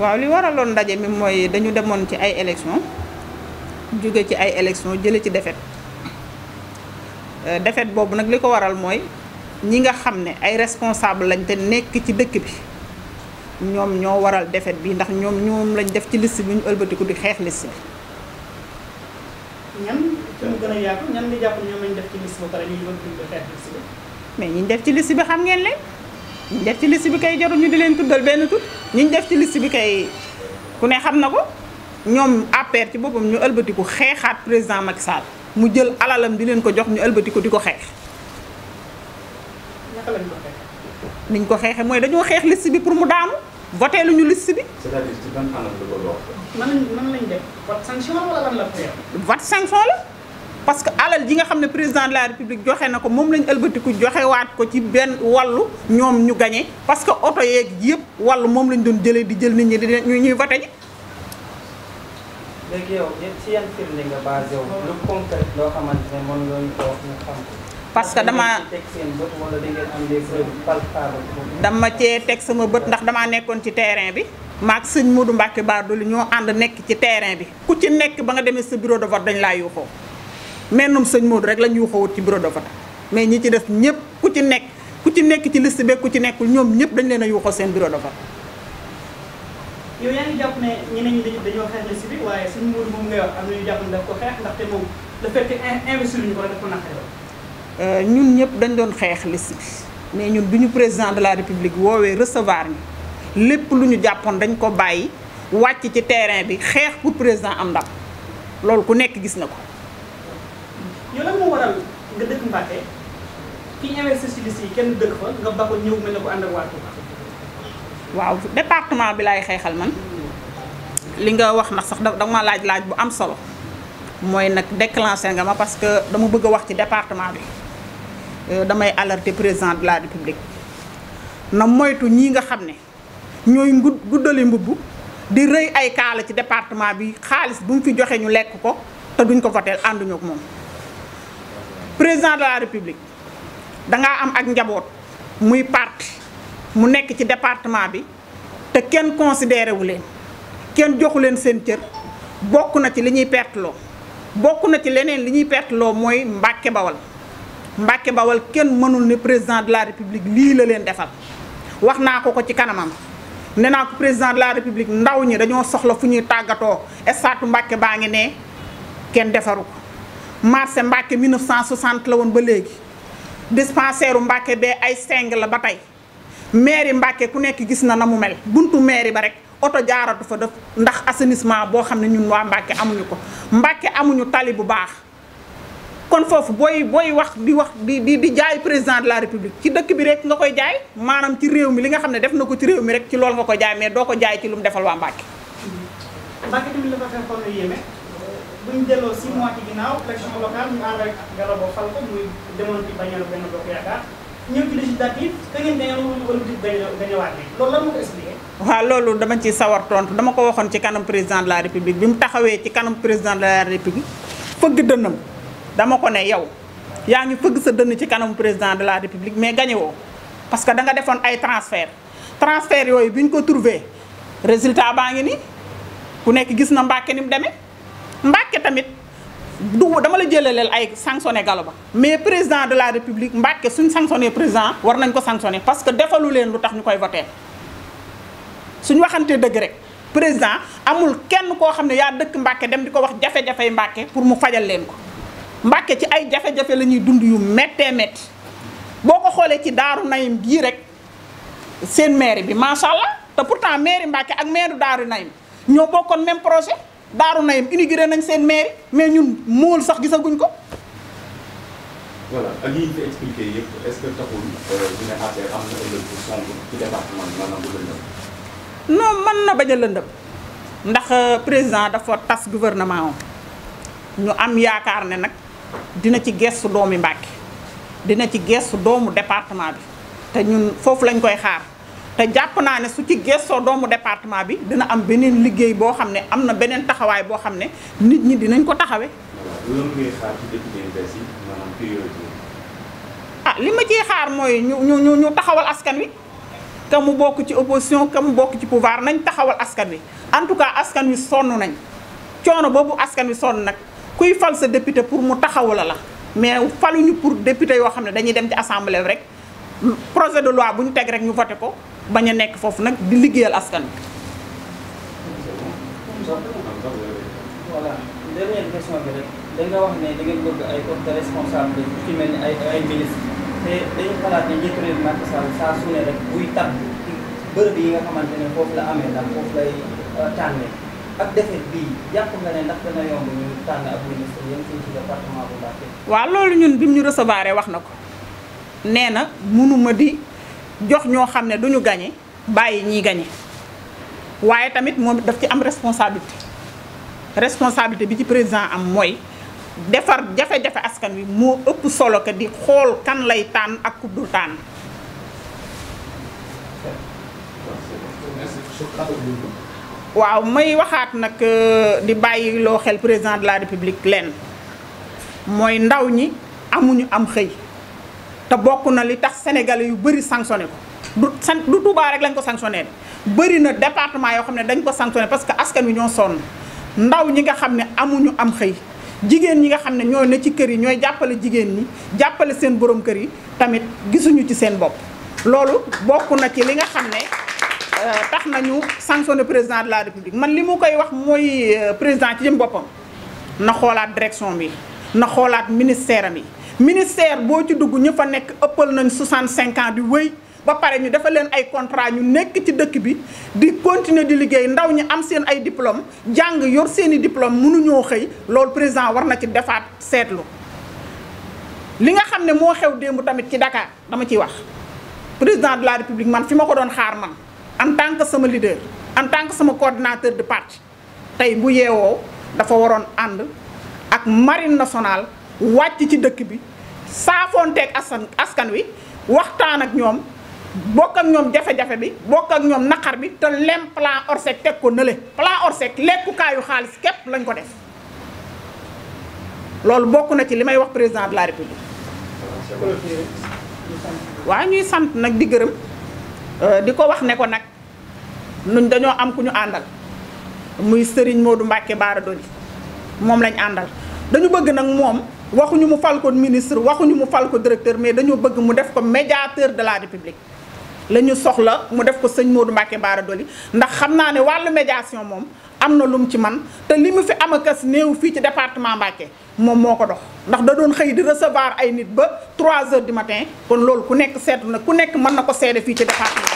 waaw li waraloon ndaje mi mooy dañu demoon ci ay élections jóge ci ay élections jële ci défaite euh, défaite boobu nag li ko waral mooy ñi nga xam ne ay responsable lañ te nekk ci dëkk bi ñoom ñoo waral défaite bi ndax ñoom ñoom lañ def ci liste bi ñu ëlbatiku di xeex liste bi. ñan gën a yaatu ñan nga jàpp ñoom lañ def ci liste di xeex liste bi. mais ñi def ci liste bi xam ngeen leen. ñu def ci liste bi kay jarul ñu di leen tuddal benn tur ñi ñu def ci liste bi kay ku ne xam na ko ñoom APR ci boppam ñu ëlbatiku xeexaat président Macky Sall mu jël alalam di leen ko jox ñu ëlbatiku di ko xeex. naka lañ ko xeexee. niñ ko xeexee mooy dañoo xeex liste bi pour mu daamu voté luñu liste bi. c'est-à-dire ci ban anam la ko wax. mën nañ vote sanction wala lan la vote sanction la. parce que alal ji nga xam ne président de la république joxe na ko moom lañ ëlbatiku joxewaat ko ci benn wàllu ñoom ñu gañe parce que oto yeeg yëpp wàllu moom lañ doon jëlee di jël nit ñi di ñuy ñuy ji léegi ñu ko wax ñu que dama dama cee teg sama bët ndax damaa nekkoon ci terrain bi maak sëñ Modou Mbacke Bara Dolly ñoo ànd nekk ci terrain bi ku ci nekk ba nga demee sa biro de vote dañ laa yuuxoo mennum sëñ Modou rek la ñu yuuxawut ci bureau de mais ñi ci def ñëpp ku ci nekk ku ci nekk ci liste beeg ku ci nekkul ñoom ñëpp dañ leen a yuuxoo seen bureau de vote. yow yaa ngi dañu moom am ñu jàpp ne daf ko xeex ndaxte moom le fait que investir ñu ko daf euh, ñun ñëpp dañ doon xeex liste bi mais ñun bi ñu président de la république woowee recevoir ñu lépp lu ñu jàppoon dañ ko bàyyi wàcc ci terrain bi xeex ku président am ndam loolu ku nekk gis na ko. dëkk ki ñëwee socialiste yi kenn dëkk fa nga bako ñëw mel ne ko ànd ak waa waaw département bi laay xeexal man li nga wax nag sax danga ma laaj laaj bu am solo mooy nag déclenché nga ma parce que dama bëgg a wax ci département bi euh, damay alerter président de la république na moytu ñi nga xam ne ñooy guddali mbubb di rëy ay kaala ci département bi xaalis bu mu fi joxe ñu lekk ko te duñ ko voteel ànduñu ak moom président de la république dangaa am ak njaboot muy part mu nekk ci département bi te kenn considéré leen kenn joxu leen seen cër bokk na ci li ñuy perteloo bokk na ci leneen li ñuy perteloo mooy Mbàkke Bawal Mbàkke Bawal kenn mënul ne président de la république lii la leen defal wax naa ko ko ci kanamam ne naa ko président de la république ndaw ñi dañoo soxla fu ñuy tàggatoo estatu Mbàkke baa ngi ne kenn defaru ko marché Mbacke 1960 la woon ba léegi dispensaire u Mbacke bee ay seng la ba tey mairie Mbacke ku nekk gis na na mu mel buntu mairie ba rek oto jaaratu fa def ndax assainissement boo xam ne ñun waa Mbacke amuñu ko Mbacke amuñu tali bu baax kon foofu booy booy wax di wax di di di jaay président de la république ci dëkk bi rek nga koy jaay maanaam ci réew mi li nga xam ne def na ko ci réew mi rek ci loolu nga koy jaay mais doo ko jaay ci lu mu defal waa Mbacke. Mbacke bu delloo six mois loolu dama ci sawar tontu dama ko waxoon ci kanam président de la république bi mu taxawee ci kanam président de la république fëgg dënnam dama ko ne yow yaa ngi fëgg sa dënn ci kanamu président de la république mais gagné parce que danga defoon ay transfert transfert yooyu bi ñu ko trouvé résultat baa ngi ni ku nekk gis na Mbàkke ni mu demee. Mbàkke tamit du dama la jëlaleel ay sanctionné Gallo Ba mais président de la république Mbàkke suñ sanctionné président war nañ ko sanctionné parce que defalu leen lu tax ñu koy voté suñ waxantee dëgg rek président amul kenn koo xam ne yaa dëkk Mbàkke dem di ko wax jafe-jafey Mbàkke pour mu fajal leen ko Mbàkke ci ay jafe-jafe la ñuy dund yu méttee métti boo ko xoolee ci daaru nayim bii rek seen maire bi macha allah te pourtant maire Mbàkke ak maire daaru nayim ñoo bokkoon même projet daaru nayim inauguré nañ seen mairie mais ñun mool sax gisaguñ ko. voilà ak euh, ah, na ëllëg mën na bañ a lëndëm ndax euh, président dafa tas gouvernement am ñu am yaakaar ne nag dina ci gestu doomi Mbàkke dina ci gestu doomu département bi te ñun foofu lañ koy xaar. te jàpp naa ne su ci gëstoo doomu département bi dina am beneen liggéey boo xam ne am na beneen taxawaay boo xam ne nit ñi dinañ ko taxawe ah li ma ciy xaar mooy ñu ñu ñu taxawal askan wi ka mu bokk ci opposition ka mu bokk ci pouvoir nañ taxawal askan wi en tout cas askan wi sonn nañ coono boobu askan wi sonn nag kuy fal sa député pour mu taxawala la mais faluñu pour député yoo xam ne dañuy dem ci assemblée rek projet de loi bu ñu teg rek ñu voté ko bañ a nekk foofu nag di liggéeyal askan bi voilà dernière da nga wax ne da ngeen bëgg ay poste de responsable ci mel ni ay ay ministre te dañu xalaat ne njiitu réew Macky saa su rek buy tàbb bërëb yi nga xamante ne foofu la amee ndax foofu lay euh, tànnee ak defet bii jàpp nga ne ndax dana yomb ñu tànn ab ministre yéen fii ci département bu Mbacké waaw loolu ñun bi mu ñu recevoir wax na ko nee na mënuma di jox ñoo xam ne duñu gañe bàyyi ñiy gañe waaye tamit moom daf ci am responsabilité responsabilité bi ci président am mooy defar jafe-jafe askan wi moo ëpp solo que di xool kan lay tànn ak ku dul tànn. waaw may waxaat nag euh, di bàyyi loo xel président de la république lenn mooy ndaw ñi amuñu am xëy. te bokk na li tax sénégalais yu bëri sanctionné ko du san du rek lañ ko sanctionné bëri na département yoo xam ne dañ ko sanctionné parce que askan wi ñoo sonn ndaw ñi nga xam ne amuñu am xëy jigéen ñi nga xam ne ñoo ne ci kër yi ñooy jàppale jigéen ñi jàppale seen boroom kër yi tamit gisuñu ci seen bopp loolu bokk na ci li nga xam ne euh, tax nañu sanctionné président de la république man li mu koy wax mooy euh, président ci jëm boppam na xoolaat direction bi na xoolaat ministère am yi ministère boo ci dugg ñu fa nekk ëppal nañ 65 ans di wéy ba pare ñu dafa leen ay contrat ñu nekk ci dëkk bi di continuer di liggéey ndaw ñi am seen ay diplôme jàng yor seeni i diplôme mënuñoo xëy lool président war na ci defaat seetlu li nga xam ne moo xew démb tamit ci dakaar dama ciy wax président de la république man fi ma ko doon xaar man en tant que sama lider en tant que sama coordinateur de parti tey bu yeewoo dafa waroon ànd ak marine nationale wàcc ci dëkk bi saafoonteeg askan askan wi waxtaan ak ñoom bokk ak ñoom jafe-jafe bi bokk ak ñoom naqar bi te lem plan Orsec teg ko nële plan Orsec lekkukaayu xaalis képp lañ ko def loolu bokk na ci li may wax président de la république waaw ñuy sant nag di gërëm euh, di ko wax ne ko nag nuñ dañoo am ku ñu àndal muy Serigne Modou Mbacke Bara Doli moom lañ àndal dañu bëgg nag moom waxuñu mu fal ko ministre waxuñu mu fal ko directeur mais dañoo bëgg mu def ko médiateur de la république la ñu soxla mu def ko sëñ Modou Mbacké Bara Dolly ndax xam naa ne wàll médiation moom am na lum ci man te li mu fi am a akas néew fii ci département Mbacké moom moo ko dox ndax dadoon xëy di recevoir ay nit ba trois heures du matin kon loolu ku nekk seetlu na ku nekk mën na ko seede fii ci département